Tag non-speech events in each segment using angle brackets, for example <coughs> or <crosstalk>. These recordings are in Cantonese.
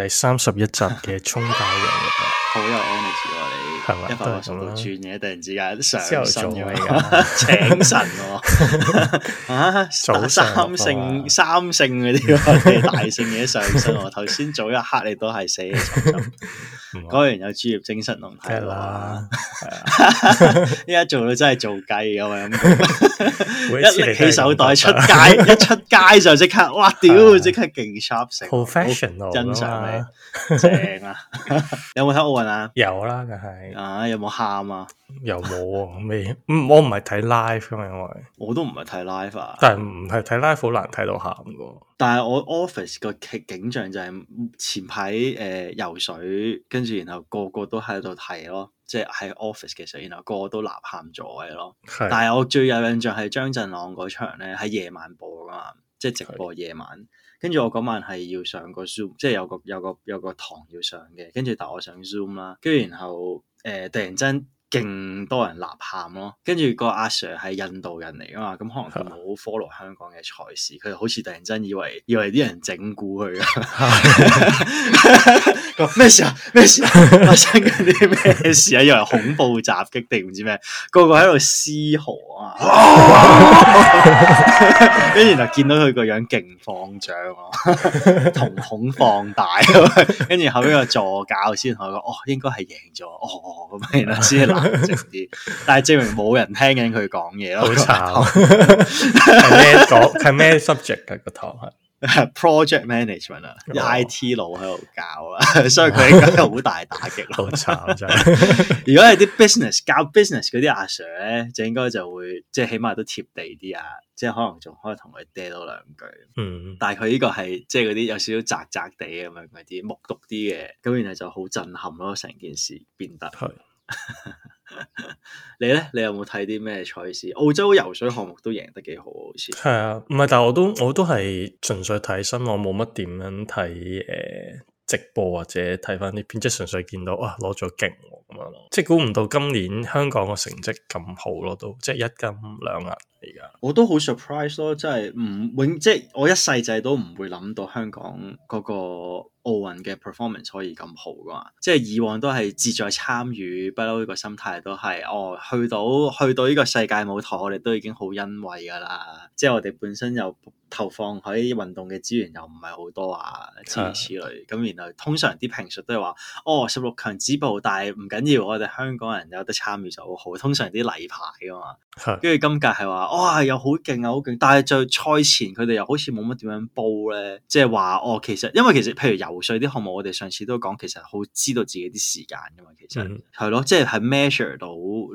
第三十一集嘅宗教人， <laughs> 好有 energy 喎、啊！你吧一百六十六轉嘢， <laughs> 突然之間上身咗嚟噶，啊、 <laughs> <laughs> 請神喎我、 <laughs> 啊啊！三聖、三聖嗰啲大聖嘢上身， <laughs> <laughs> 我頭先早一刻你都係寫錯。 <laughs> 果然，有專業精神，同係啦，依家做到真係做雞咁樣，一拎起手袋出街，一出街就即刻，哇屌！即刻勁 sharp 成 professional，真相嚟，正啊！有冇睇奧運啊？有啦，梗係啊，有冇喊啊？ <laughs> 又冇啊，未，我唔係睇 live 嘛？因為我都唔係睇 live 啊。但係唔係睇 live 好難睇到喊噶。但係我 office 個景象就係前排誒游水，跟住然後個個都喺度睇咯，即係喺 office 嘅時候，然後個個都呐喊咗嘅咯。是但係我最有印象係張振朗嗰場咧，喺夜晚播噶嘛，即係直播夜晚。跟住是我嗰晚係要上個 Zoom，即係有個有個有個，有個堂要上嘅，跟住但我上 Zoom 啦，跟住然後誒、呃、突然間。勁多人呐喊咯，跟住個阿 sir 係印度人嚟啊嘛，咁可能佢冇 follow 香港嘅賽事，佢就好似突然間以為以為啲人整蠱佢啊，咩事啊咩事啊發生緊啲咩事啊，以為恐怖襲擊定唔知咩，個個喺度嘶嚎啊，跟住原來見到佢個樣勁放仗啊，瞳孔放大，跟、啊、住後邊個助教先同佢講，哦應該係贏咗，哦咁，然後先。 <laughs> 但係證明冇人聽緊佢講嘢咯。好慘，係咩講？係 <laughs> 咩 <laughs> subject 噶個堂係 project management 啊我，IT 佬喺度教啊， <laughs> 所以佢應該好大打擊咯。好慘真係。 <laughs> <laughs> 如果係啲 business 教 business 嗰啲阿 Sir、啊、咧、啊啊，就應該就會即係起碼都貼地啲啊，即係可能仲可以同佢嗲多兩句。嗯、但係佢呢個係即係嗰啲有少少雜雜地咁樣嗰啲木獨啲嘅，咁然後就好震撼咯，成件事變得 <laughs> <laughs> 你呢？你有冇睇啲咩賽事？澳洲游水項目都贏得幾好，好似係啊，唔係，但係我都我都係純粹睇新聞，因為我冇乜點樣睇誒直播或者睇翻啲片，即係純粹見到啊攞咗勁咁樣咯，即係估唔到今年香港嘅成績咁好咯，都即係一金兩銀。我都好 surprise 咯，即係唔永即係我一世仔都唔會諗到香港嗰個奧運嘅 performance 可以咁好噶嘛，即係以往都係志在參與，不嬲呢個心態都係哦，去到去到呢個世界舞台，我哋都已經好欣慰噶啦，即係我哋本身又投放喺運動嘅資源又唔係好多啊，諸如此類，咁是的 然後通常啲評述都係話，哦，十六強止步，但係唔緊要，我哋香港人有得參與就好好，通常啲例牌噶嘛，跟住是的 今屆係話。哇！又好勁啊，好勁！但係就賽前佢哋又好似冇乜點樣煲咧，即係話哦，其實因為其實譬如游水啲項目，我哋上次都講，其實好知道自己啲時間㗎嘛，其實係咯，即係係、嗯就是、measure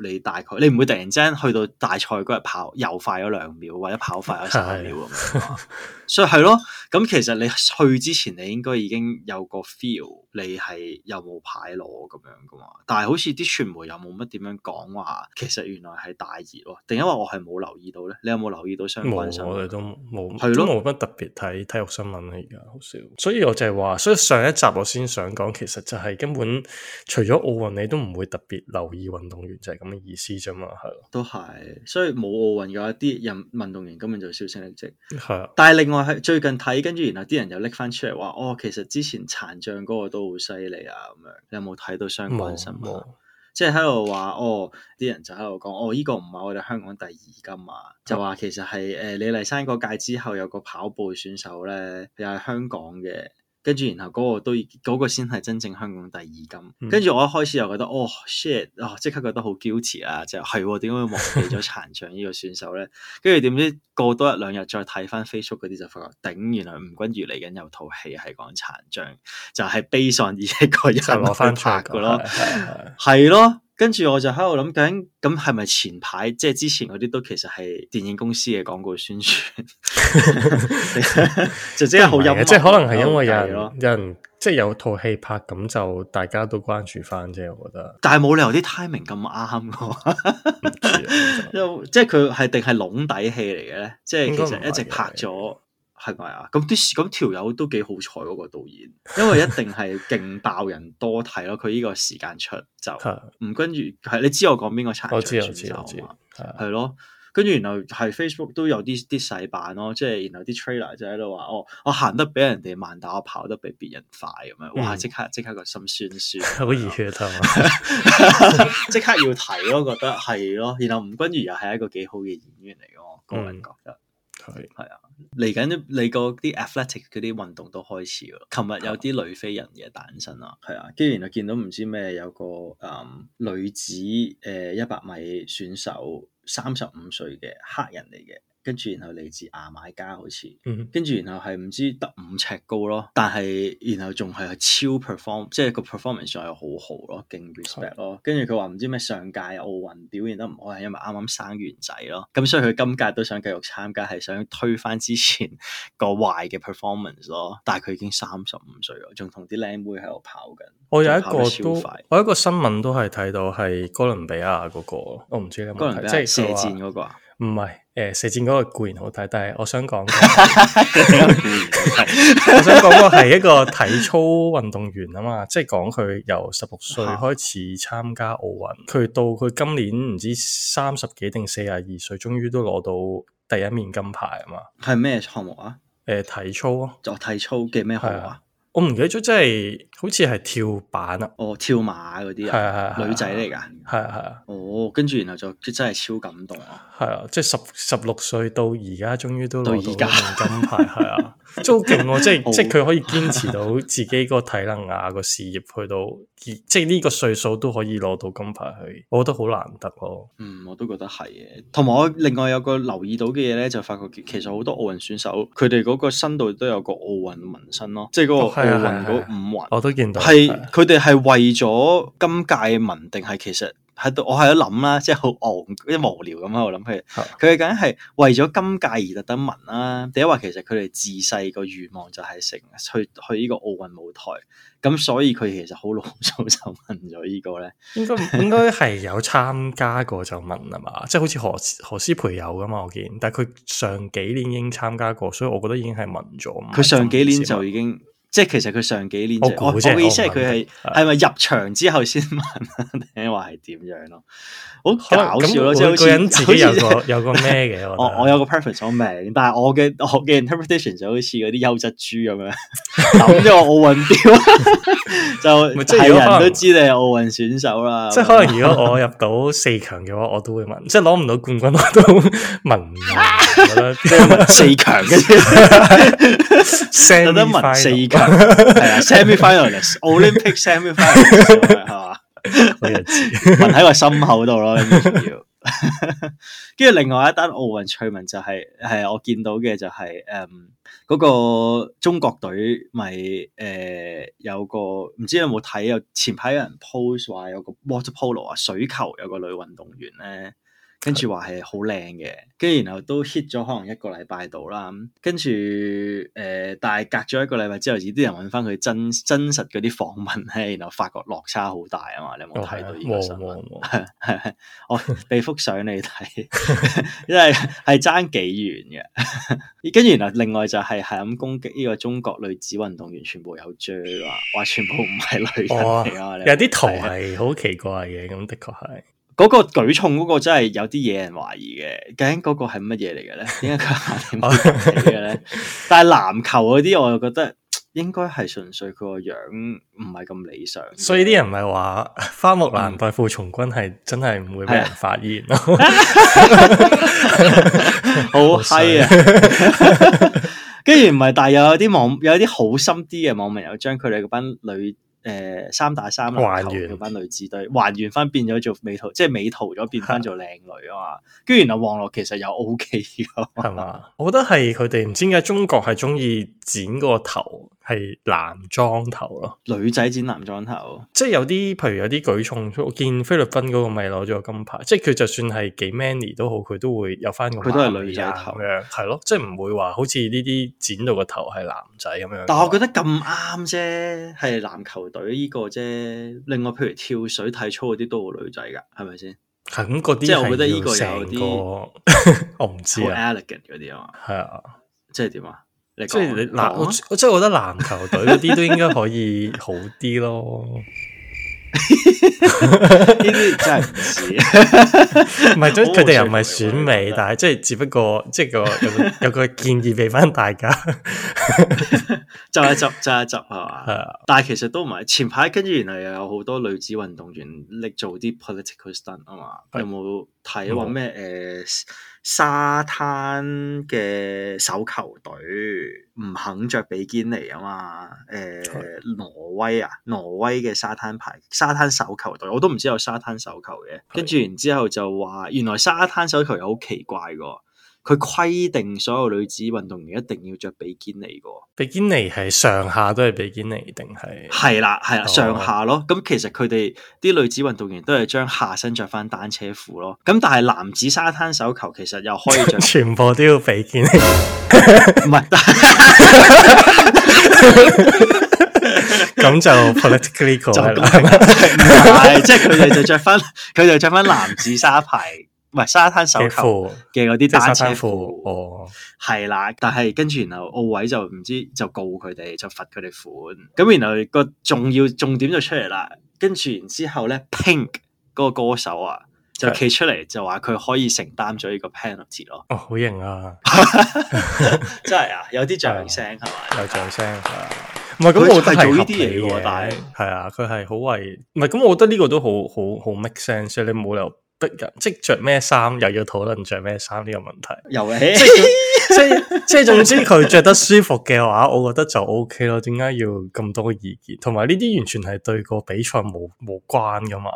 到你大概，你唔會突然之間去到大賽嗰日跑又快咗兩秒，或者跑快咗三秒咁是的 樣。 <laughs> 所以係咯，咁其實你去之前，你應該已經有個 feel，你係有冇牌攞咁樣噶嘛？但係好似啲傳媒又冇乜點樣講，話其實原來係大熱，定因為我係冇留意到咧？你有冇留意到相關新聞？我哋都冇，了都冇乜特別睇體育新聞啊，而家好少。所以我就係話，所以上一集我先想講，其實就係根本除咗奧運，你都唔會特別留意運動員，就係咁嘅意思啫嘛，係咯。都係，所以冇奧運嘅一啲人運動員，根本就銷聲匿跡。係啊了，但係另外我最近睇，跟住然後啲人又拎翻出嚟話，哦，其實之前殘障嗰個都好犀利啊，咁樣。你有冇睇到相關新聞？即係喺度話，哦，啲人就喺度講，哦，依個唔係我哋香港第二㗎嘛。」就話其實係誒李麗珊嗰屆之後有個跑步選手咧，又係香港嘅。跟住，然後嗰個都，嗰個先係真正香港第二金。跟住我一開始又覺得，嗯、哦 shit，啊、哦、即刻覺得好 guilty 啊，就係點解會忘記咗殘障呢個選手咧？跟住點知過多一兩日再睇翻 Facebook 嗰啲，就發覺頂，原來吳君如嚟緊有套戲係講殘障，就係悲喪而一個人攞翻拍嘅咯，係咯。 <laughs> <laughs> 跟住我就喺度諗緊，究竟咁係咪前排即係之前嗰啲都其實係電影公司嘅廣告宣傳， <laughs> <laughs> 就即係好陰嘅，即係可能係因為人吧人人有人有人即係有套戲拍，咁就大家都關注翻啫。我覺得，但係冇理由啲 timing 咁啱，又 <laughs> <laughs> 即係佢係定係籠底戲嚟嘅咧？即係其實一直拍咗。係咪啊？咁啲咁條友都幾好彩嗰個導演，因為一定係勁爆，人多睇咯。佢呢 <laughs> 個時間出就吳君如係，你知我講邊個我？我知我知我知。係咯吧，跟住吧然後係 Facebook 都有啲啲細版咯，即係然後啲 trailer 就喺度話哦，我行得比人哋慢打，但我跑得比別人快咁樣。哇！即刻即刻個心酸酸，好熱血啊！即 <laughs> <laughs> 刻要睇咯，我覺得係咯。然後吳君如又係一個幾好嘅演員嚟嘅，我個人覺得。 <laughs> 係啊，嚟緊你嗰啲 athletic 嗰啲運動都開始咯。琴日有啲女飛人嘅誕生啦，係啊，跟住然後見到唔知咩有個誒、嗯、女子誒一百米選手三十五歲嘅黑人嚟嘅。跟住然後嚟自牙買加好似，跟住、嗯、哼然後係唔知得五尺高咯，但係然後仲係超 perform，即係個 performance 的上係好好咯，勁 respect 咯。跟住佢話唔知咩上屆奧運表現得唔好係因為啱啱生完仔咯，咁所以佢今屆都想繼續參加，係想推翻之前個壞嘅 performance 咯。但係佢已經三十五歲咯，仲同啲靚妹喺度跑緊。我有一個都，我一個新聞都係睇到係哥倫比亞嗰、嗰個，我唔知你有冇睇過哥倫比亞即係射箭嗰個啊？那個唔係，誒、呃，射箭嗰個固然好睇，但係我想講， <laughs> <laughs> 我想講個係一個體操運動員啊嘛，即係講佢由十六歲開始參加奧運，佢到佢今年唔知三十幾定四十二歲，終於都攞到第一面金牌啊嘛。係咩項目啊？誒、呃，體操啊，做體操嘅咩項目啊？我唔記得咗，真係好似係跳板啊！哦，跳馬嗰啲啊，啊女仔嚟噶，係啊係啊。啊哦，跟住然後就真係超感動啊！係啊，即係十十六歲到而家，終於都攞到金牌，係 <laughs> 啊， <laughs> 即係好勁喎！即係即係佢可以堅持到自己個體能啊個事業，去到 <laughs> 即係呢個歲數都可以攞到金牌，係，我覺得好難得咯。嗯，我都覺得係嘅。同埋我另外有個留意到嘅嘢咧，就發覺其實好多奧運選手佢哋嗰個身度都有個奧運紋身咯，即係嗰五環，我都見到係佢哋係為咗今屆紋定係其實喺度，我喺度諗啦，即係好戇啲無聊咁啊！我諗佢，佢哋梗係為咗今屆而特登紋啦。第一話，其實佢哋自細個願望就係成日去去呢個奧運舞台，咁所以佢其實好老早就紋咗呢個咧。應該應該係有參加過就紋啊嘛，即係 <laughs> 好似何何詩蓓有噶嘛？我見，但係佢上幾年已經參加過，所以我覺得已經係紋咗。佢上幾年就已經。即係其實佢上幾年，我意思係佢係係咪入場之後先問，定話係點樣咯？好搞笑咯，即係好似自己有個有個咩嘅。我我有個 perfect 名，但係我嘅我嘅 interpretation 就好似嗰啲優質豬咁樣，諗住奧運丟，就即係人都知你係奧運選手啦。即係可能如果我入到四強嘅話，我都會問。即係攞唔到冠軍我都問，即係四強嘅聲都問四強。係啊，semi-finals，Olympic semi-finals，係嘛？你就知，埋喺個心口度咯，最重要。跟住另外一單奧運趣聞就係、是，係我見到嘅就係、是，誒、嗯，嗰、那個中國隊咪誒、呃、有個唔知有冇睇？有前排有人 post 話有個 water polo 啊，水球有個女運動員咧。跟住話係好靚嘅，跟住然後都 hit 咗可能一個禮拜到啦。跟住誒、呃，但係隔咗一個禮拜之後，有啲人揾翻佢真真實嗰啲訪問咧，然後發覺落差好大啊嘛！你有冇睇到呢個新聞？哦哦哦、 <laughs> 我俾幅相你睇， <laughs> 因為係爭幾遠嘅。跟住然後另外就係係咁攻擊呢個中國女子運動員，全，全部有追話，話全部唔係女人嚟嘅。哦、有啲圖係好奇怪嘅，咁的確係。嗰個舉重嗰個真係有啲惹人懷疑嘅，究竟嗰個係乜嘢嚟嘅咧？點解佢話唔知嘅咧？ <laughs> 但係籃球嗰啲，我又覺得應該係純粹佢個樣唔係咁理想，所以啲人唔係話花木蘭代父從軍係真係唔會俾人發現咯，好嗨啊！跟住唔係，但係有啲網，有啲好心啲嘅網民又將佢哋嗰班女。誒、呃、三打三球嗰班女子隊還原翻變咗做美圖，即係美圖咗變翻做靚女啊嘛！跟住哈 然後王樂其實又 O K 嘅，係嘛？我覺得係佢哋唔知點解中國係中意剪個頭係男裝頭咯，女仔剪男裝頭，即係有啲譬如有啲舉重，我見菲律賓嗰個咪攞咗個金牌，即係佢就算係幾 man 都好，佢都會有翻個，佢都係女仔頭嘅，係咯，即係唔會話好似呢啲剪到個頭係男仔咁樣。但我覺得咁啱啫，係籃球。 <laughs> 隊依個啫，另外譬如跳水、體操嗰啲都好女仔噶，係咪先？係咁啲，即係我覺得依個有啲、e <laughs> 啊，我唔知啊。Elegant 啲啊嘛，係啊，即係點啊？即係你籃，我即係覺得籃球隊嗰啲都應該可以好啲咯。 <laughs> 呢啲 <laughs> 真係唔係，即佢哋又唔係選美， <laughs> 但係即係只不過即係個有個建議俾翻大家 <laughs> 乘乘，就一執就一執係嘛。 <laughs> <laughs> 但係其實都唔係，前排跟住原嚟又有好多女子運動員力做啲 political stunt 啊嘛。的 <laughs> 有冇睇話咩誒？ <laughs> 沙灘嘅手球隊唔肯着比堅尼啊嘛，誒、呃、是挪威啊，挪威嘅沙灘排，沙灘手球隊，我都唔知有沙灘手球嘅，跟住是然之後就話原來沙灘手球又好奇怪喎。佢規定所有女子運動員一定要着比堅尼嘅，比堅尼係上下都係比堅尼定係？係啦，係啦，哦、上下咯。咁其實佢哋啲女子運動員都係將下身着翻單車褲咯。咁但係男子沙灘手球其實又可以着，全部都要比堅尼，唔係得。咁 <laughs> <laughs> <laughs> <laughs> 就 politically correct 即係佢哋就着翻、啊，佢哋着翻男子沙排。唔係沙灘手球嘅嗰啲單車褲，哦，係啦。但係跟住然後奧委就唔知就告佢哋，就罰佢哋款。咁然後個重要重點就出嚟啦。跟住然之後咧，Pink 嗰個歌手啊，就企出嚟，就話佢可以承擔咗呢個 penalty 咯。哦，好型啊！真係啊，有啲掌聲係嘛？有掌聲。係啊。唔係咁，我係做呢啲嘢嘅，但係係啊，佢係好為，唔係咁，我覺得呢個都好好好 make sense。所以你冇理即着咩衫又要討論着咩衫呢個問題？又係戲、啊、 <laughs> 即即總之佢着得舒服嘅話，我覺得就 OK 咯。點解要咁多意見？同埋呢啲完全係對個比賽無無關噶嘛？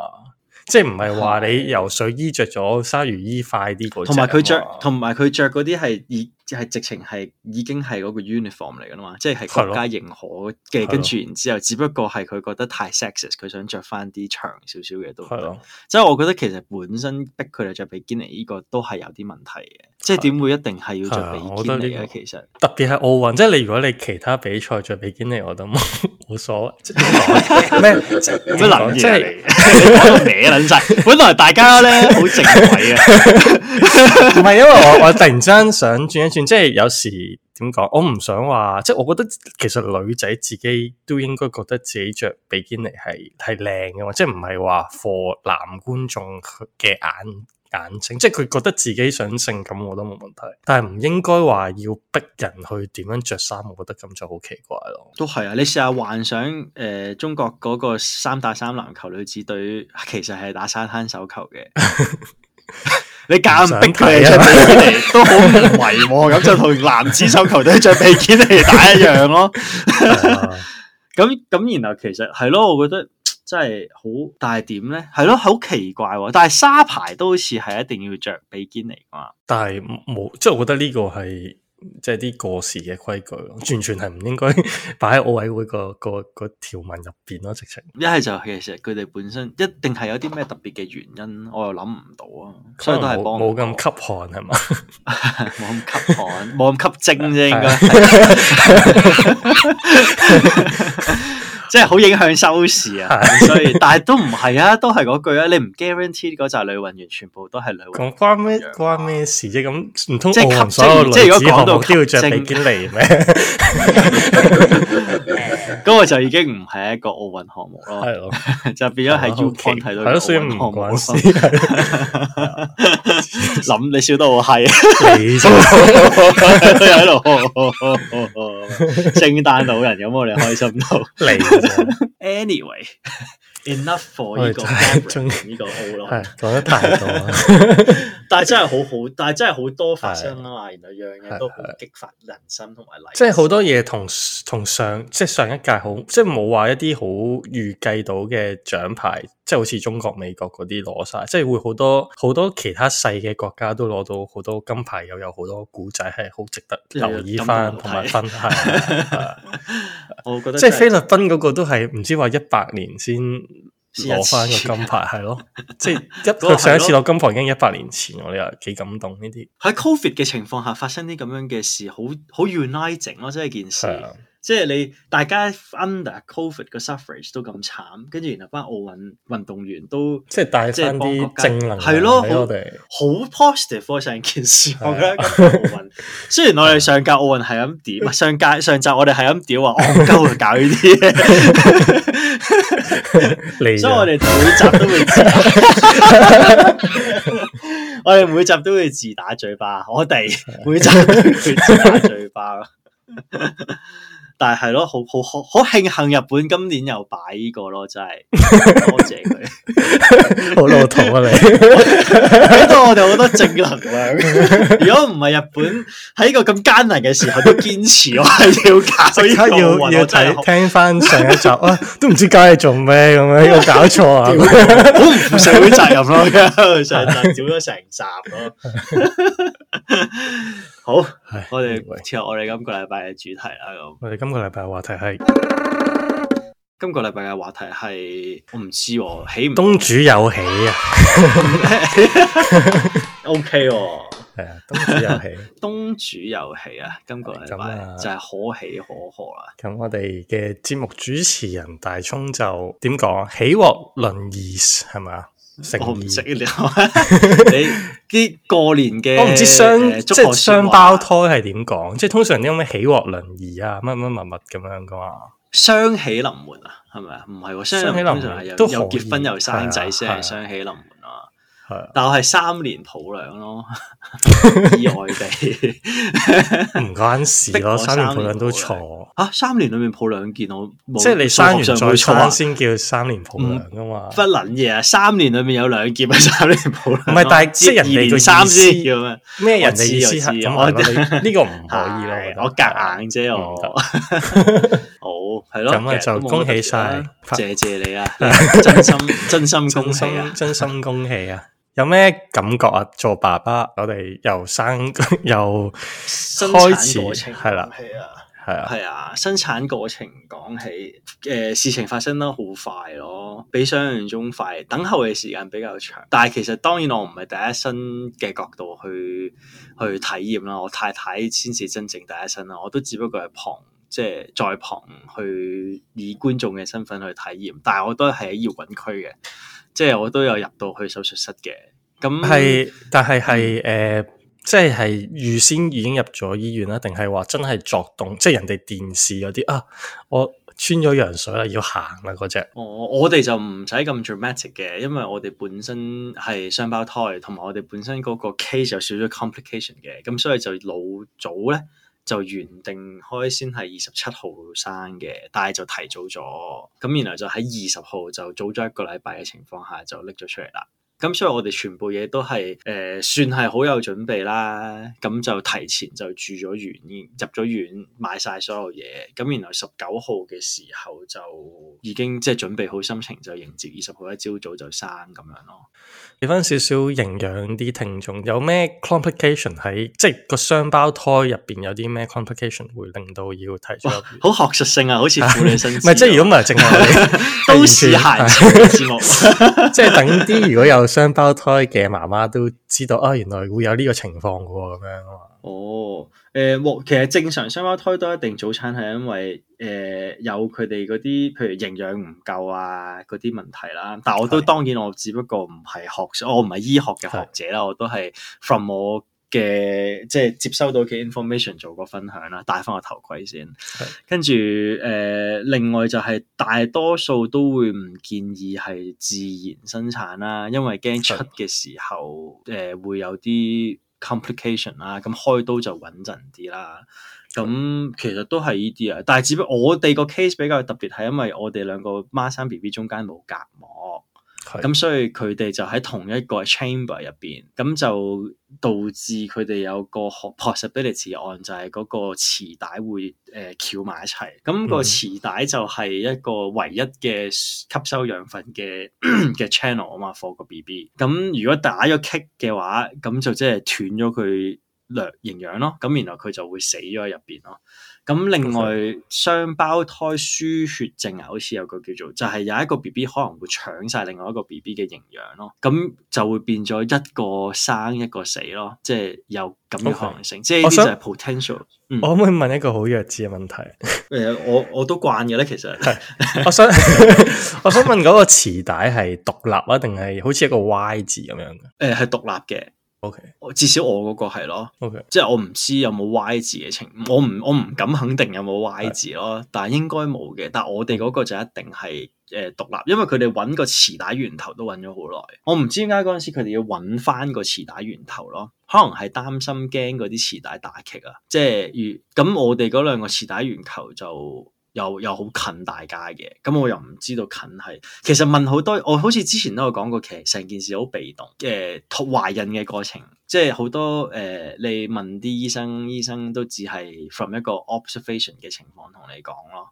即唔係話你游水衣着咗鯊魚衣快啲，同埋佢着同埋佢着嗰啲係即係直情係已經係嗰個 uniform 嚟噶啦嘛，即係國家認可嘅，跟住然之後，只不過係佢覺得太 sex 佢想着翻啲長少少嘅都係啊。即係我覺得其實本身逼佢哋着比基尼呢個都係有啲問題嘅，即係點會一定係要着比基尼咧？其實特別係奧運，即係你如果你其他比賽着比基尼我都冇所謂。咩？咩諗？即係咩捻曬？本來大家咧好正位啊，唔係因為我我突然之間想轉一轉。即係有時點講，我唔想話，即係我覺得其實女仔自己都應該覺得自己着比堅尼係係靚嘅嘛，即係唔係話 for 男觀眾嘅眼眼睛，即係佢覺得自己想性感，我都冇問題。但係唔應該話要逼人去點樣着衫，我覺得咁就好奇怪咯。都係啊，你試下幻想誒、呃，中國嗰個三打三籃球女子隊，其實係打沙灘手球嘅。 <laughs> 你夾硬逼佢哋出嚟都好無謂，咁就同男子手球隊着比堅尼打一樣咯，啊。咁 <laughs> 咁、uh, <laughs> 然後其實係咯，我覺得真係好，但係點咧？係咯，好奇怪，啊，但係沙排都好似係一定要着比堅尼嘛。但係冇，即係我覺得呢個係。即係啲過時嘅規矩，完全係唔應該擺喺奧委會個個個條文入邊咯，直情。一係就其實佢哋本身一定係有啲咩特別嘅原因，我又諗唔到啊，所以都係冇冇咁吸汗係嘛，冇咁吸汗，冇咁 <laughs> 吧 <laughs> 吸精啫 <laughs> 應該。 <laughs> <laughs> <laughs> 即係好影響收視啊， <laughs> 所以但係都唔係啊，都係嗰句啊，你唔 guarantee 嗰扎女運員全部都係女運員啊。咁關咩關咩事啫啊？咁唔通即澳所有男子項目都要著比堅尼嚟咩？ <laughs> <laughs> 咁 <music> 我就已經唔係一個奧運項目咯，的 <laughs> 就變咗喺 UCon 睇到嘅項目。林， <music> 你笑得好係，你又喺度聖誕老人咁，我哋開心到嚟。 <laughs> Anyway。Enough for 呢個呢個好咯，講得太多啦！但係真係好好，但係真係好多發生啊嘛！原來樣嘢都好激發人心同埋力。即係好多嘢同同上，即係上一屆好，即係冇話一啲好預計到嘅獎牌，即係好似中國、美國嗰啲攞晒，即係會好多好多其他細嘅國家都攞到好多金牌，又有好多古仔係好值得留意翻同埋分享，我覺得即係菲律賓嗰個都係唔知話一百年先。攞翻個金牌係 <laughs> 咯，即係一 <laughs> 上一次攞金牌已經一百年前，我哋又幾感動呢啲。喺 Covid 嘅情況下發生啲咁樣嘅事，好好 uniting 咯，真係件事。的即係你大家 under Covid 嘅 suffrage 都咁慘，跟住然後班奧運運動員都即係帶翻啲正能量俾我哋好 positive 成件事。我覺得奧運雖然我哋上屆奧運係咁屌，上屆上集我哋係咁屌話我唔鳩嚟搞呢啲。 <laughs> <laughs> <laughs> 所以我哋每集都會自打， <laughs> <laughs> 我哋每集都會自打嘴巴。我哋每集都會自打嘴巴。 <laughs> 但係係咯，好好好，好慶幸日本今年又擺呢個咯，真係多謝佢。好老土啊你，畀到我哋好多正能量。 <laughs> 如果唔係日本喺個咁艱難嘅時候都堅持我係要搞，所以而家要要睇聽翻上一集 <laughs> 啊，都唔知搞嘢做咩咁樣，我搞錯啊，好唔負社會責任咯， <laughs> 上集少咗成集。 <laughs> 好，唉我哋切入我哋今個禮拜嘅主題啦。咁，我哋今個禮拜嘅話題係，今個禮拜嘅話題係，我唔知喎，喜唔？東主有喜啊，OK 喎，係啊，東主有喜，東主有喜啊，今個禮拜就係可喜可賀啦，啊。咁我哋嘅節目主持人大聰就點講啊？喜獲麟兒係咪？成我唔識啊！你啲過年嘅我唔知雙，即係雙胞胎係點講，即係通常啲咁嘅喜獲麟兒啊，乜乜乜乜咁樣噶嘛？雙喜臨門啊，係咪啊？唔係，雙喜臨門有都有結婚又生仔先係雙喜臨門。但係我係三年抱兩咯，意外地唔關事咯，三年抱兩都錯。吓，三年裏面抱兩件我，冇。即係你三月再錯先叫三年抱兩噶嘛？不能嘢，三年裏面有兩件三年抱兩，唔係但係即係二年三先叫咩？咩日子又知？我哋呢個唔可以啦，我夾硬啫我。好係咯，咁啊就恭喜晒，謝謝你啊，真心真心恭喜，真心恭喜啊！有咩感覺啊？做爸爸，我哋又生又開始生產過程。係啦的，係啊的，係啊，生產過程講起，誒、呃，事情發生得好快咯，比想象中快，等候嘅時間比較長。但係其實當然我唔係第一身嘅角度去去體驗啦，我太太先至真正第一身啦。我都只不過係旁，即、就、係、是、在旁去以觀眾嘅身份去體驗，但係我都係喺搖滾區嘅。即係我都有入到去手術室嘅，咁係，但係係誒，即係預先已經入咗醫院啦，定係話真係作動？即係人哋電視嗰啲啊，我穿咗羊水啦，要行啦嗰隻。那個、哦，我哋就唔使咁 dramatic 嘅，因為我哋本身係雙胞胎，同埋我哋本身嗰個 case 有少咗 complication 嘅，咁所以就老早咧。就原定開先係二十七號生嘅，但係就提早咗，咁然後就喺二十號就早咗一個禮拜嘅情況下就拎咗出嚟啦。咁所以，我哋全部嘢都係誒、呃，算係好有準備啦。咁就提前就住咗院，入咗院買晒所有嘢。咁原來十九號嘅時候就已經即係準備好心情，就迎接二十號一朝早，早就生咁樣咯。俾翻少少營養啲聽眾，有咩 complication 喺即係個雙胞胎入邊有啲咩 complication 會令到要提出？哇，好學術性啊，好似婦女新。唔係， <laughs> 即係如果唔係，淨係 <laughs> 都市閒情嘅節目， <laughs> <laughs> 即係等啲如果有。雙胞胎嘅媽媽都知道啊，原來會有呢個情況㗎咁樣啊嘛。哦，誒、呃，其實正常雙胞胎都一定早餐係，因為誒、呃、有佢哋嗰啲，譬如營養唔夠啊嗰啲問題啦。但我都對當然，我只不過唔係學，我唔係醫學嘅學者啦，對我都係 from 我。嘅即係接收到嘅 information 做個分享啦，戴翻個頭盔先。是跟住誒、呃，另外就係大多數都會唔建議係自然生產啦，因為驚出嘅時候誒是、呃、會有啲 complication 啦。咁、嗯、開刀就穩陣啲啦。咁、嗯、其實都係呢啲啊，但係只不過我哋個 case 比較特別，係因為我哋兩個孖生 BB 中間冇隔膜。咁是所以佢哋就喺同一個 chamber 入邊，咁就導致佢哋有個 possibility 案就係嗰個臍帶會誒翹埋一齊。咁個臍帶就係一個唯一嘅吸收養分嘅嘅 <coughs> channel 啊嘛，for 個 B B。咁如果打咗 kick 嘅話，咁就即係斷咗佢糧營養咯。咁原來佢就會死咗喺入邊咯。咁另外想雙胞胎輸血症啊，好似有個叫做就係、是、有一個 B B 可能會搶晒另外一個 B B 嘅營養咯，咁就會變咗一個生一個死咯，即係有咁嘅可能性。Okay. 即係呢啲就係 potential 想。嗯、我可唔可以問一個好弱智嘅問題？誒，我我都慣嘅咧，其實。我想 <laughs> <laughs> 我想問嗰個臍帶係獨立啊，定係好似一個 Y 字咁樣？誒、呃，係獨立嘅。OK，至少我嗰個係咯，OK，即係我唔知有冇 Y 字嘅情況，我唔我唔敢肯定有冇 Y 字咯，但係應該冇嘅。但係我哋嗰個就一定係誒、呃、獨立，因為佢哋揾個磁帶源頭都揾咗好耐。我唔知點解嗰陣時佢哋要揾翻個磁帶源頭咯，可能係擔心驚嗰啲磁帶打劇啊，即係如咁我哋嗰兩個磁帶源頭就。又又好近大家嘅，咁我又唔知道近係，其實問好多，我好似之前都有講過其實成件事好被動嘅，呃、懷孕嘅過程，即係好多誒、呃、你問啲醫生，醫生都只係 from 一個 observation 嘅情況同你講咯。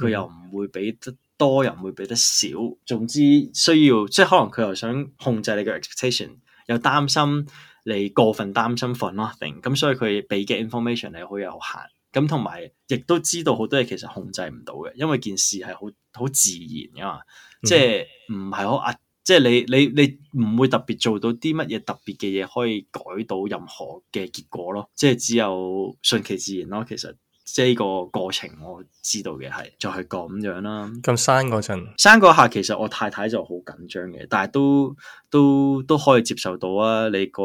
佢又唔會俾得多又唔會俾得少。總之需要，即係可能佢又想控制你嘅 expectation，又擔心你過分擔心 for nothing。咁所以佢俾嘅 information 係好有限。咁同埋，亦都知道好多嘢其實控制唔到嘅，因為件事係好好自然噶嘛、嗯哼，即係唔係好壓，即係你你你唔會特別做到啲乜嘢特別嘅嘢可以改到任何嘅結果咯，即係只有順其自然咯，其實。即係個過程，我知道嘅係就係、是、咁樣啦。咁生嗰陣，生嗰下其實我太太就好緊張嘅，但係都都都可以接受到啊！你個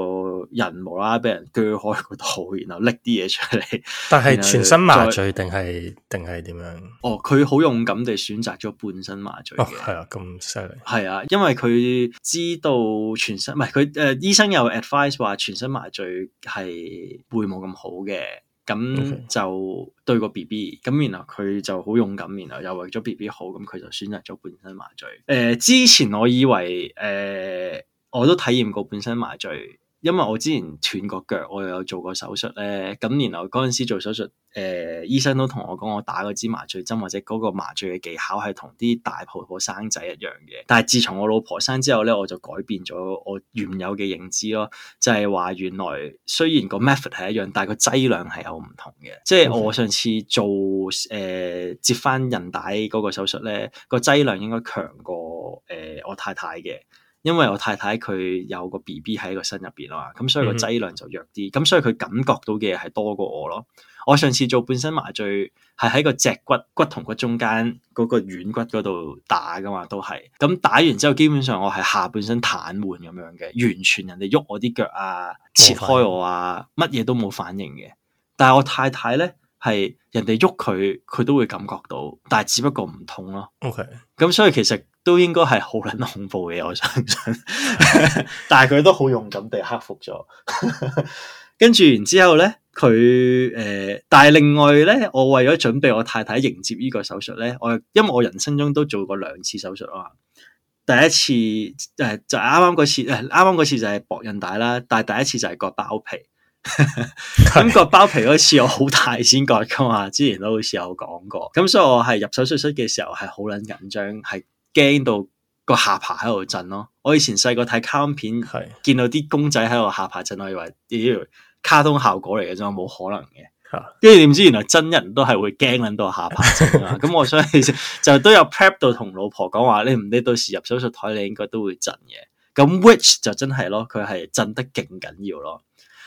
人無啦啦俾人鋸開個肚，然後拎啲嘢出嚟，但係是 全身麻醉定係定係點樣？哦，佢好勇敢地選擇咗半身麻醉。哦，係啊，咁犀利。係啊，因為佢知道全身唔係佢誒，醫生又 advice 話全身麻醉係會冇咁好嘅。咁就對個 B B，咁然後佢就好勇敢，然後又為咗 B B 好，咁佢就選擇咗半身麻醉。誒、呃，之前我以為誒、呃，我都體驗過半身麻醉。因為我之前斷過腳，我又有做過手術咧，咁然後嗰陣時做手術，誒、呃、醫生都同我講，我打嗰支麻醉針或者嗰個麻醉嘅技巧係同啲大婆婆生仔一樣嘅。但係自從我老婆生之後咧，我就改變咗我原有嘅認知咯，就係、是、話原來雖然個 method 係一樣，但係個劑量係有唔同嘅。即係我上次做誒、呃、接翻韌帶嗰個手術咧，個劑量應該強過誒、呃、我太太嘅。因為我太太佢有個 B B 喺個身入邊啊嘛，咁所以個劑量就弱啲，咁所以佢感覺到嘅嘢係多過我咯。我上次做半身麻醉，係喺個脊骨骨同骨中間嗰個軟骨嗰度打噶嘛，都係。咁打完之後，基本上我係下半身癱瘓咁樣嘅，完全人哋喐我啲腳啊，切開我啊，乜嘢都冇反應嘅。但係我太太咧，係人哋喐佢，佢都會感覺到，但係只不過唔痛咯。OK，咁所以其實。都應該係好捻恐怖嘅，我相信。 <laughs> <laughs> 但係佢都好勇敢地克服咗。 <laughs> 跟住然之後咧，佢誒、呃，但係另外咧，我為咗準備我太太迎接呢個手術咧，我因為我人生中都做過兩次手術啊嘛。第一次誒、呃、就係啱啱嗰次誒，啱啱嗰次就係薄韌帶啦，但係第一次就係割包皮。咁、 <laughs> 嗯、 <laughs> 割包皮嗰次我好大先割噶嘛，之前都好似有講過。咁所以我係入手術室嘅時候係好捻緊張，係。驚到個下巴喺度震咯！我以前細個睇卡通片，是見到啲公仔喺度下巴震，我以為，卡通效果嚟嘅啫，冇可能嘅。跟住點知原來真人都係會驚，諗到下巴震啊！咁 <laughs> 我想就都有 prep 到同老婆講話，你唔知到時入手術台，你應該都會震嘅。咁 which 就真係咯，佢係震得勁緊要咯，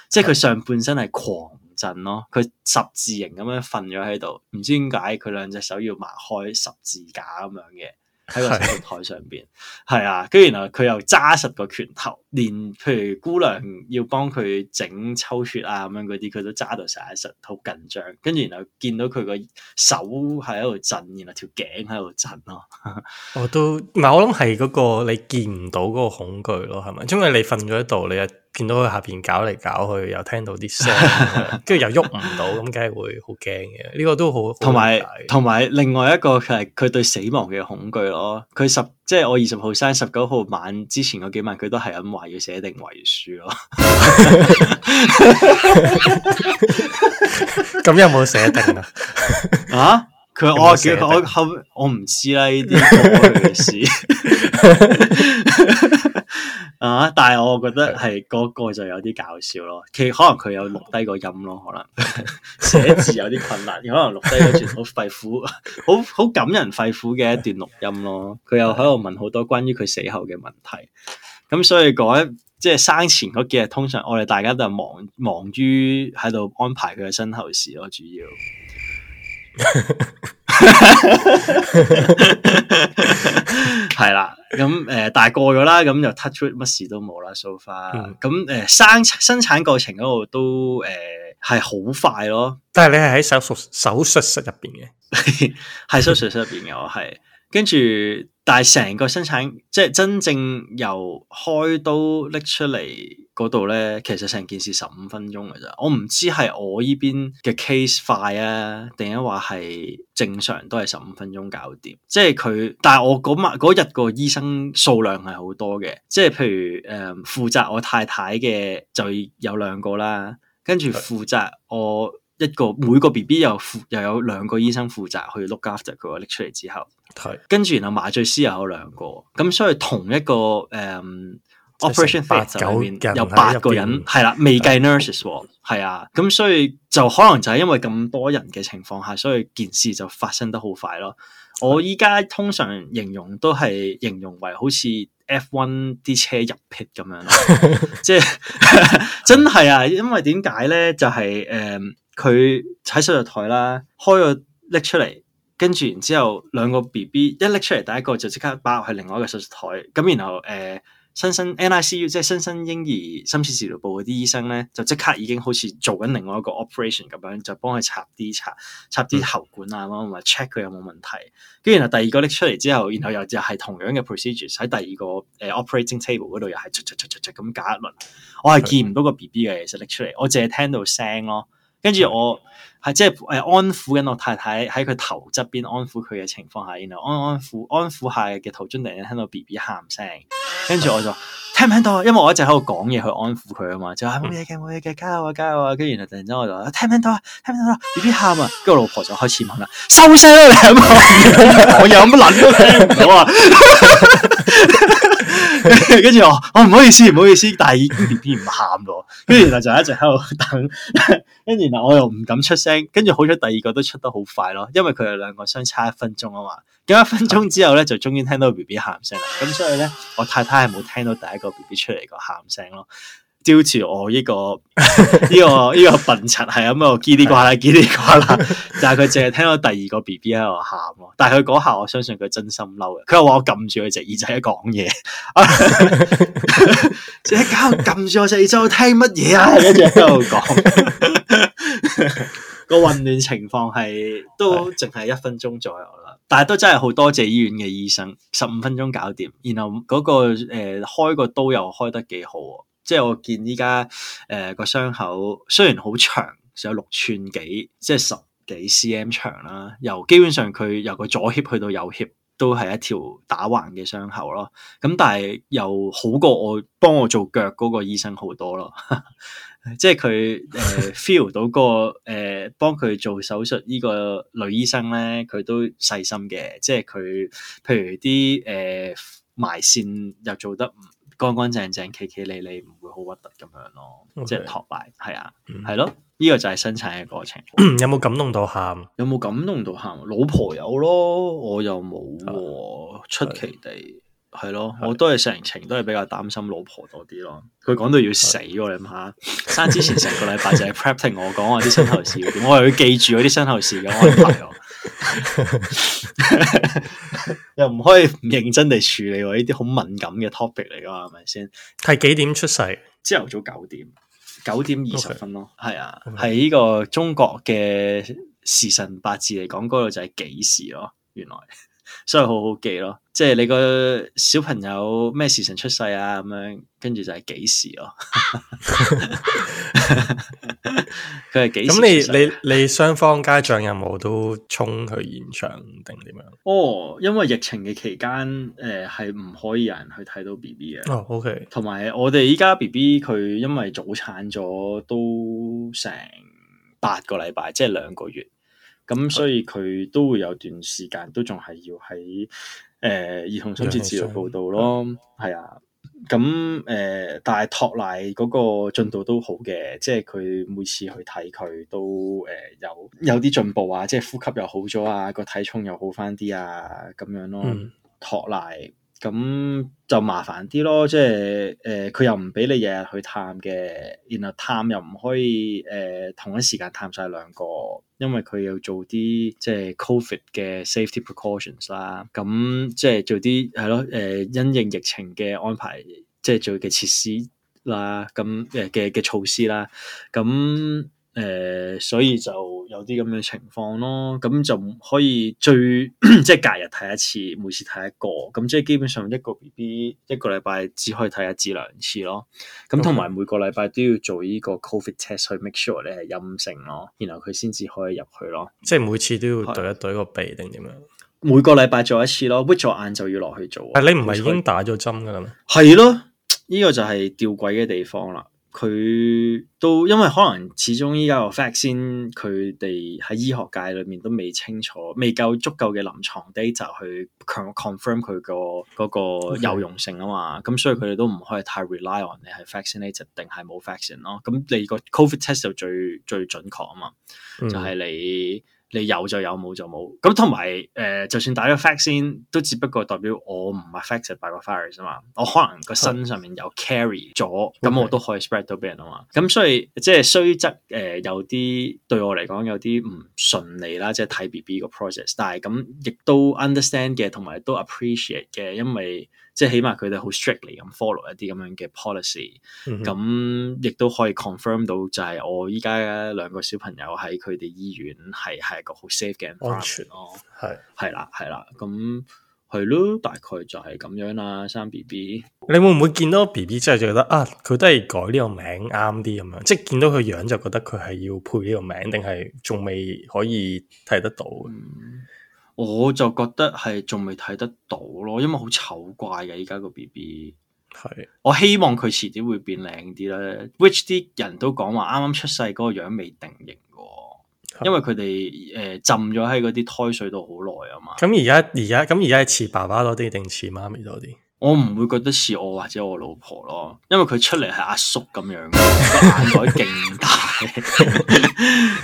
即係佢上半身係狂震咯，佢十字形咁樣瞓咗喺度，唔知點解佢兩隻手要擘開十字架咁樣嘅。喺個台上邊，係 <laughs> 啊，跟住然後佢又揸實個拳頭，連譬如姑娘要幫佢整抽血啊咁樣嗰啲，佢都揸到成一實，好緊張。跟住然後見到佢個手喺度震，然後條頸喺度震咯，啊。 <laughs> 我都，唔係我諗係嗰個你見唔到嗰個恐懼咯，係咪？因為你瞓咗喺度，你啊。見到佢下邊搞嚟搞去，又聽到啲聲，跟住 <laughs> 又喐唔到，咁梗係會好驚嘅。呢、這個都好同埋，同埋另外一個係佢對死亡嘅恐懼咯。佢十即係我二十號生日，十九號晚之前嗰幾晚，佢都係咁話要寫定遺書咯。咁有冇寫定啊？ <laughs> 啊？佢我後我唔知啦，呢啲過去嘅事 <laughs> <laughs> 啊！但係我覺得係嗰個就有啲搞笑咯。其實可能佢有錄低個音咯，可能寫字有啲困難， <laughs> 可能錄低一段好肺腑、好好 <laughs> 感人肺腑嘅一段錄音咯。佢又喺度問好多關於佢死後嘅問題。咁所以嗰一即係生前嗰幾日，通常我哋大家都係忙忙於喺度安排佢嘅身後事咯，主要。係啦，咁誒大個咗啦，咁就 touch wood，乜事都冇啦，so far，咁誒、嗯呃、生生產過程嗰度都誒係好快咯。但係你係喺手術手術室入邊嘅，係 <laughs> 手術室入邊我係跟住。但係成個生產，即係真正由開刀拎出嚟嗰度咧，其實成件事十五分鐘噶咋。我唔知係我依邊嘅 case 快啊，定係話係正常都係十五分鐘搞掂。即係佢，但係我嗰日個醫生數量係好多嘅。即係譬如誒、嗯，負責我太太嘅就有兩個啦，跟住負責我一個每個 B B 又負又有兩個醫生負責去 look after 佢話拎出嚟之後。跟住，然後麻醉師又有兩個，咁所以同一個誒 operation face 裏邊有八個人，係啦，未計 nurses，係啊，咁所以就可能就係因為咁多人嘅情況下，所以件事就發生得好快咯。我依家通常形容都係形容為好似 F1 啲車入 pit 咁樣，即係 <laughs> <laughs> 真係啊！因為點解咧？就係、是、誒，佢踩手術台啦，開咗拎出嚟。跟住然之後兩個 B B 一拎出嚟，第一個就即刻擺入去另外一個手術台。咁然後誒新生 N I C U 即係新生嬰兒深切治療部嗰啲醫生咧，就即刻已經好似做緊另外一個 operation 咁樣，就幫佢插啲插插啲喉管啊，咁啊 check 佢有冇問題。跟住然後第二個拎出嚟之後，然後又又係同樣嘅 procedure 喺第二個誒 operating table 嗰度又係咁搞一輪。我係見唔到個 B B 嘅，其實拎出嚟，我淨係聽到聲咯。跟住我係即係誒安撫緊我太太喺佢頭側邊安撫佢嘅情況下，撫撫下然後安安撫安撫下嘅途中突然聽到 B B 喊聲，跟住我就聽唔聽到，因為我一直喺度講嘢去安撫佢啊嘛，就係冇嘢嘅冇嘢嘅加油啊加油啊，跟住、啊、然後突然間我就話聽唔聽到，聽唔聽到 B B 喊？啊，跟住老婆就開始問啦，收聲啊你，我有乜撚都聽唔到啊？ <laughs> <laughs> 跟住 <laughs> 我，我、哦、唔好意思，唔好意思，但係已經 B B 唔喊咯。跟住然後就一直喺度等，跟 <laughs> 住然後我又唔敢出聲。跟住好彩第二個都出得好快咯，因為佢哋兩個相差一分鐘啊嘛。咁一分鐘之後咧，就終於聽到 B B 喊聲啦。咁所以咧，我太太係冇聽到第一個 B B 出嚟個喊聲咯。叼住我呢個呢個呢個笨柒，係咁喺度嘰哩呱啦嘰哩呱啦，但係佢淨係聽到第二個 B B 喺度喊，但係佢嗰下我相信佢真心嬲嘅。佢又話我撳住佢隻耳仔喺講嘢，即係搞到撳住我隻耳仔，我聽乜嘢啊？一直喺度講個混亂情況係都淨係一分鐘左右啦，但係都真係好多謝醫院嘅醫生，十五分鐘搞掂，然後嗰個誒開個刀又開得幾好。即係我見依家誒個傷口雖然好長，仲有六寸幾，即係十幾 CM 長啦。由基本上佢由個左脅去到右脅都係一條打橫嘅傷口咯。咁但係又好過我幫我做腳嗰個醫生好多咯。即係佢誒 feel 到，嗰個誒幫佢做手術呢個女醫生咧，佢都細心嘅。即係佢譬如啲誒，呃、埋線又做得唔。乾乾淨淨、企企理理，唔會好核突咁樣咯，即係托埋，係啊、嗯，係咯，呢個就係生產嘅過程。有冇感動到喊？有冇感動到喊？老婆有咯，我又冇，啊、出奇地係咯，我都係成程都係比較擔心老婆多啲咯。佢講到要死喎、啊，你諗下是的 生之前成個禮拜就係 prepping <laughs> 我講我啲身後事，我又要記住嗰啲身後事嘅安排。 <laughs> 又唔可以唔認真地處理呢啲好敏感嘅 topic 嚟㗎嘛？係咪先？係幾點出世？朝頭早九點，九點二十分咯。係 Okay. 啊，喺呢 Okay. 個中國嘅時辰八字嚟講，嗰度就係幾時咯？原來。所以好好記咯，即係你個小朋友咩時辰出世啊，咁樣跟住就係幾時咯。佢係幾時？咁你你你雙方家長有冇都衝去現場定點樣？哦，oh，因為疫情嘅期間，誒係唔可以有人去睇到 B B 嘅。哦、oh，OK。同埋我哋依家 B B 佢因為早產咗都成八個禮拜，即係兩個月。咁所以佢都會有段時間都仲係要喺誒、呃、兒童深切治療部度咯，係啊。咁誒、呃，但係托賴嗰個進度都好嘅，即係佢每次去睇佢都誒有有啲進步啊，即係呼吸又好咗啊，個體重又好翻啲啊，咁樣咯。托、嗯、賴。咁就麻煩啲咯，即係誒佢又唔俾你日日去探嘅，然後探又唔可以誒、呃、同一時間探晒兩個，因為佢要做啲即係 COVID 嘅 safety precautions 啦，咁即係做啲係咯誒、呃、因應疫情嘅安排，即、就、係、是、做嘅設施啦，咁誒嘅嘅措施啦，咁。誒，uh, 所以就有啲咁嘅情況咯，咁就可以最即係、 <coughs> 就是、隔日睇一次，每次睇一個，咁即係基本上一個 B B 一個禮拜只可以睇一至兩次咯。咁同埋每個禮拜都要做呢個 Covid test 去 make sure 你係陰性咯，然後佢先至可以入去咯。即係每次都要懟一懟個鼻定點樣？是每個禮拜做一次咯，或者晏晝就要落去做。你唔係已經打咗針噶咩？係、這個、咯，呢個就係吊詭嘅地方啦。佢都因為可能始終依家個 vaccine 佢哋喺醫學界裏面都未清楚，未夠足夠嘅臨床 data 去 confirm 佢個嗰個有用性啊嘛，咁 Okay. 所以佢哋都唔可以太 rely on 你係 vaccinated 定係冇 vaccine 咯。咁你個 COVID test 就最最準確啊嘛，嗯、就係你。你有就有，冇就冇。咁同埋誒，就算打咗 vaccine，都只不過代表我唔係 infected by 個 virus 啊嘛。我可能個身上面有 carry 咗，咁的我都可以 spread 到俾人啊嘛。咁所以即係雖則誒、呃、有啲對我嚟講有啲唔順利啦，即係睇 B B 個 process 但。但係咁亦都 understand 嘅，同埋都 appreciate 嘅，因為。即係起碼佢哋好 strictly 咁 follow 一啲咁樣嘅 policy，咁、嗯、哼亦都可以 confirm 到就係我依家兩個小朋友喺佢哋醫院係係一個好 safe 嘅安全咯，係係啦係啦，咁係咯，大概就係咁樣啦。生 B B，你會唔會見到 B B 之後就覺得啊，佢都係改呢個名啱啲咁樣？即係見到佢樣就覺得佢係要配呢個名，定係仲未可以睇得到？嗯我就覺得係仲未睇得到咯，因為好醜怪嘅依家個 B B，係我希望佢遲啲會變靚啲啦。which 啲人都講話啱啱出世嗰個樣未定型，是的 因為佢哋誒浸咗喺嗰啲胎水度好耐啊嘛。咁而家而家咁而家係似爸爸多啲定似媽咪多啲？我唔會覺得似我或者我老婆咯，因為佢出嚟係阿叔咁樣，個 <laughs> 眼袋勁大。 <laughs>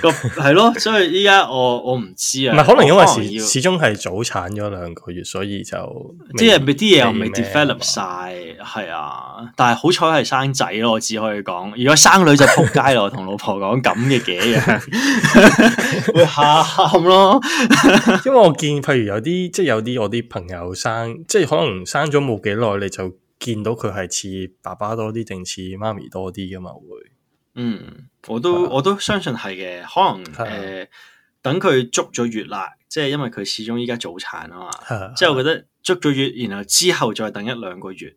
個係咯，所以依家我我唔知啊。唔係，可能因為始始終係早產咗兩個月，所以就即係啲嘢又未 develop 晒麼，係啊了。但係好彩係生仔咯，我只可以講。如果生女就撲街咯，同 <laughs> 老婆講咁嘅嘢會喊咯。因為我見譬如有啲即係有啲我啲朋友生，即係可能生咗冇幾耐，你就見到佢係似爸爸多啲定似媽咪多啲噶嘛會。嗯，我都 <laughs> 我都相信係嘅，可能誒、呃、等佢足咗月啦，即係因為佢始終依家早產啊嘛，即係 <laughs> 我覺得足咗月，然後之後再等一兩個月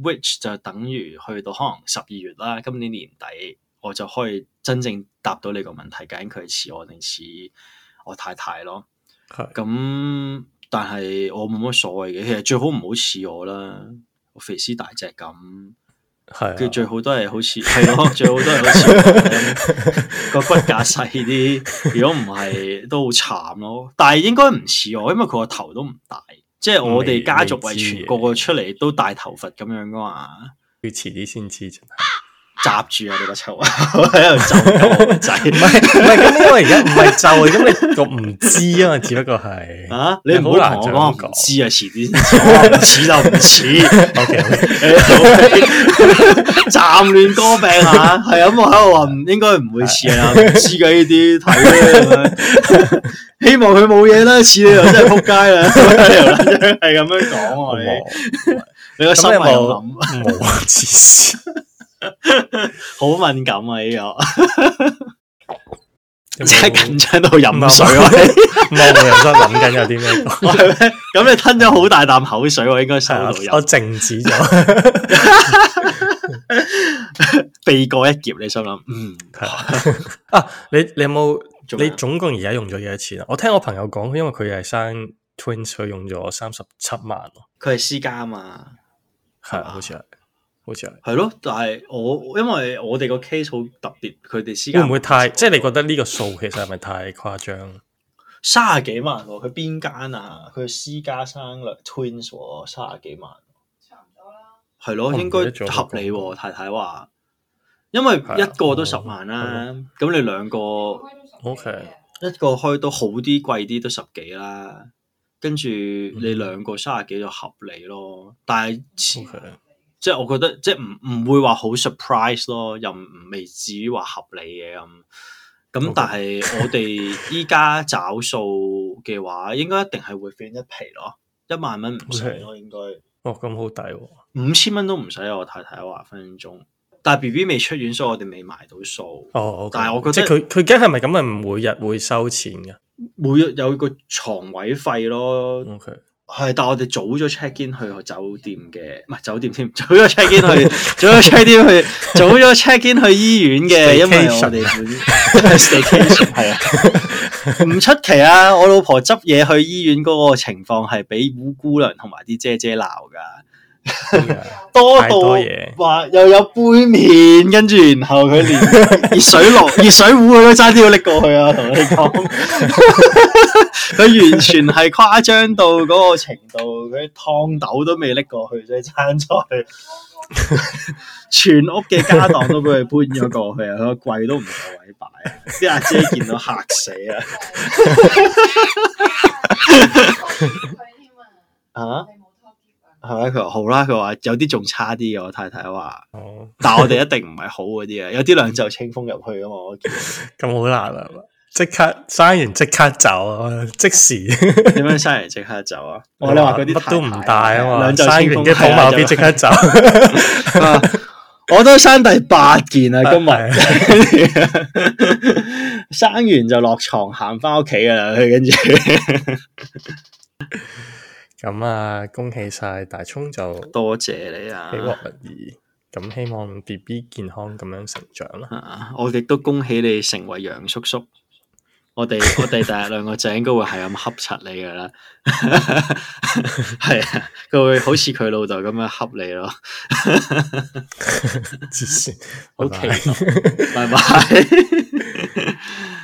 ，which 就等於去到可能十二月啦，今年年底我就可以真正答到你個問題，究竟佢係似我定似我太太咯？咁 <laughs> 但係我冇乜所謂嘅，其實最好唔好似我啦，我肥屍大隻咁。係佢最好都係好似係咯，最好都係好似個 <laughs> <laughs> 骨架細啲。如果唔係，都好慘咯。但係應該唔似我，因為佢個頭都唔大。即係我哋家族遺傳，個個出嚟都戴頭髮咁樣噶嘛。要遲啲先知 <laughs> <laughs> 紮住啊，你個臭，啊，喺度咒我個仔，唔係唔係咁，我而家唔係咒，咁你個唔知啊嘛，只不過係啊，你唔好同我講唔知啊，遲啲先話唔似就唔似，OK OK，站亂多病啊，係咁，我喺度話唔應該唔會似啊，唔知嘅呢啲睇啦，希望佢冇嘢啦，似你又真係撲街啦，真係咁樣講我哋，你個心係諗冇啊，好 <music> 敏感啊！呢 <laughs> 個 <laughs> 即係緊張到飲水，我唔 <laughs> 人心諗緊有啲咩。咁 <laughs> <laughs> 你吞咗好大啖口水，我應該受我靜止咗， <laughs> <laughs> <laughs> <laughs> 避過一劫。你心諗嗯 <laughs> 啊？你你有冇？你總共而家用咗幾多錢啊？我聽我朋友講，因為佢係生 twins，佢用咗三十七萬。佢係私家嘛？係吧，好似係。好似係，係咯，但係我因為我哋個 case 好特別，佢哋私家會唔會太？即係你覺得呢個數其實係咪太誇張？ <laughs> 三十幾萬喎，佢邊間啊？佢、啊、私家生兩 twins，、啊、三十幾萬，差唔多啦。係咯了，應該合理喎、啊那個、太太話，因為一個都十萬啦、啊，咁、哦、你兩個、嗯、，O Okay . K，一個開到好啲貴啲都十幾啦、啊，跟住你兩個三十幾就合理咯。嗯、但係，O K。Okay. 即係我覺得，即係唔唔會話好 surprise 咯，又唔未至於話合理嘅咁。咁但係 Okay. <laughs> 我哋依家找數嘅話，應該一定係會翻一皮咯，一萬蚊唔使咯，Okay. 應該。哦，咁好抵喎！五千蚊都唔使，我太太話分分鐘。但係 B B 未出院，所以我哋未埋到數。哦，oh, okay. 但係我覺得即係佢佢驚係咪咁？係每日會收錢嘅，每日有個床位費咯。OK。係，但係我哋早咗 check-in 去個酒店嘅，唔係酒店添，早咗 check-in 去， <laughs> 早咗 check-in 去，早咗 check-in 去醫院嘅， <laughs> 因為我哋係啊，唔 <laughs> <laughs> <laughs> 出奇啊，我老婆執嘢去醫院嗰個情況係俾烏姑娘同埋啲姐姐鬧噶。多到話又有杯麵，跟住然後佢連熱水爐熱水壺佢差啲都要拎過去啊！同你講，佢 <laughs> 完全係誇張到嗰個程度，佢啲湯豆都未拎過去，所以餐菜， <laughs> 全屋嘅家當都俾佢搬咗過去櫃、姐姐 <laughs> 啊！個櫃都唔夠位擺，啲阿姐見到嚇死啊！啊？係咪佢話好啦？佢話有啲仲差啲嘅，我太太話。但係我哋一定唔係好嗰啲啊， <laughs> 有啲兩袖清風入去啊嘛。我咁好 <laughs> 難啊！即刻生完即刻走，即時點樣生完即刻走啊？我哋話嗰啲都唔大啊嘛，兩袖清風生完啲寶馬邊即、嗯、刻走 <laughs> <laughs> 啊。我都生第八件啦，今日生完就落床行翻屋企噶啦，佢跟住。 <laughs> 咁啊，恭喜晒，大聰就多謝你啊！希望咁希望 B B 健康咁樣成長啦、啊。我亦都恭喜你成為楊叔叔。我哋我哋第日兩個仔應該會係咁恰柒你噶啦，係佢、 <laughs> <laughs> 啊、會好似佢老豆咁樣恰你咯。黐線，OK，拜拜。 <laughs> bye bye <laughs>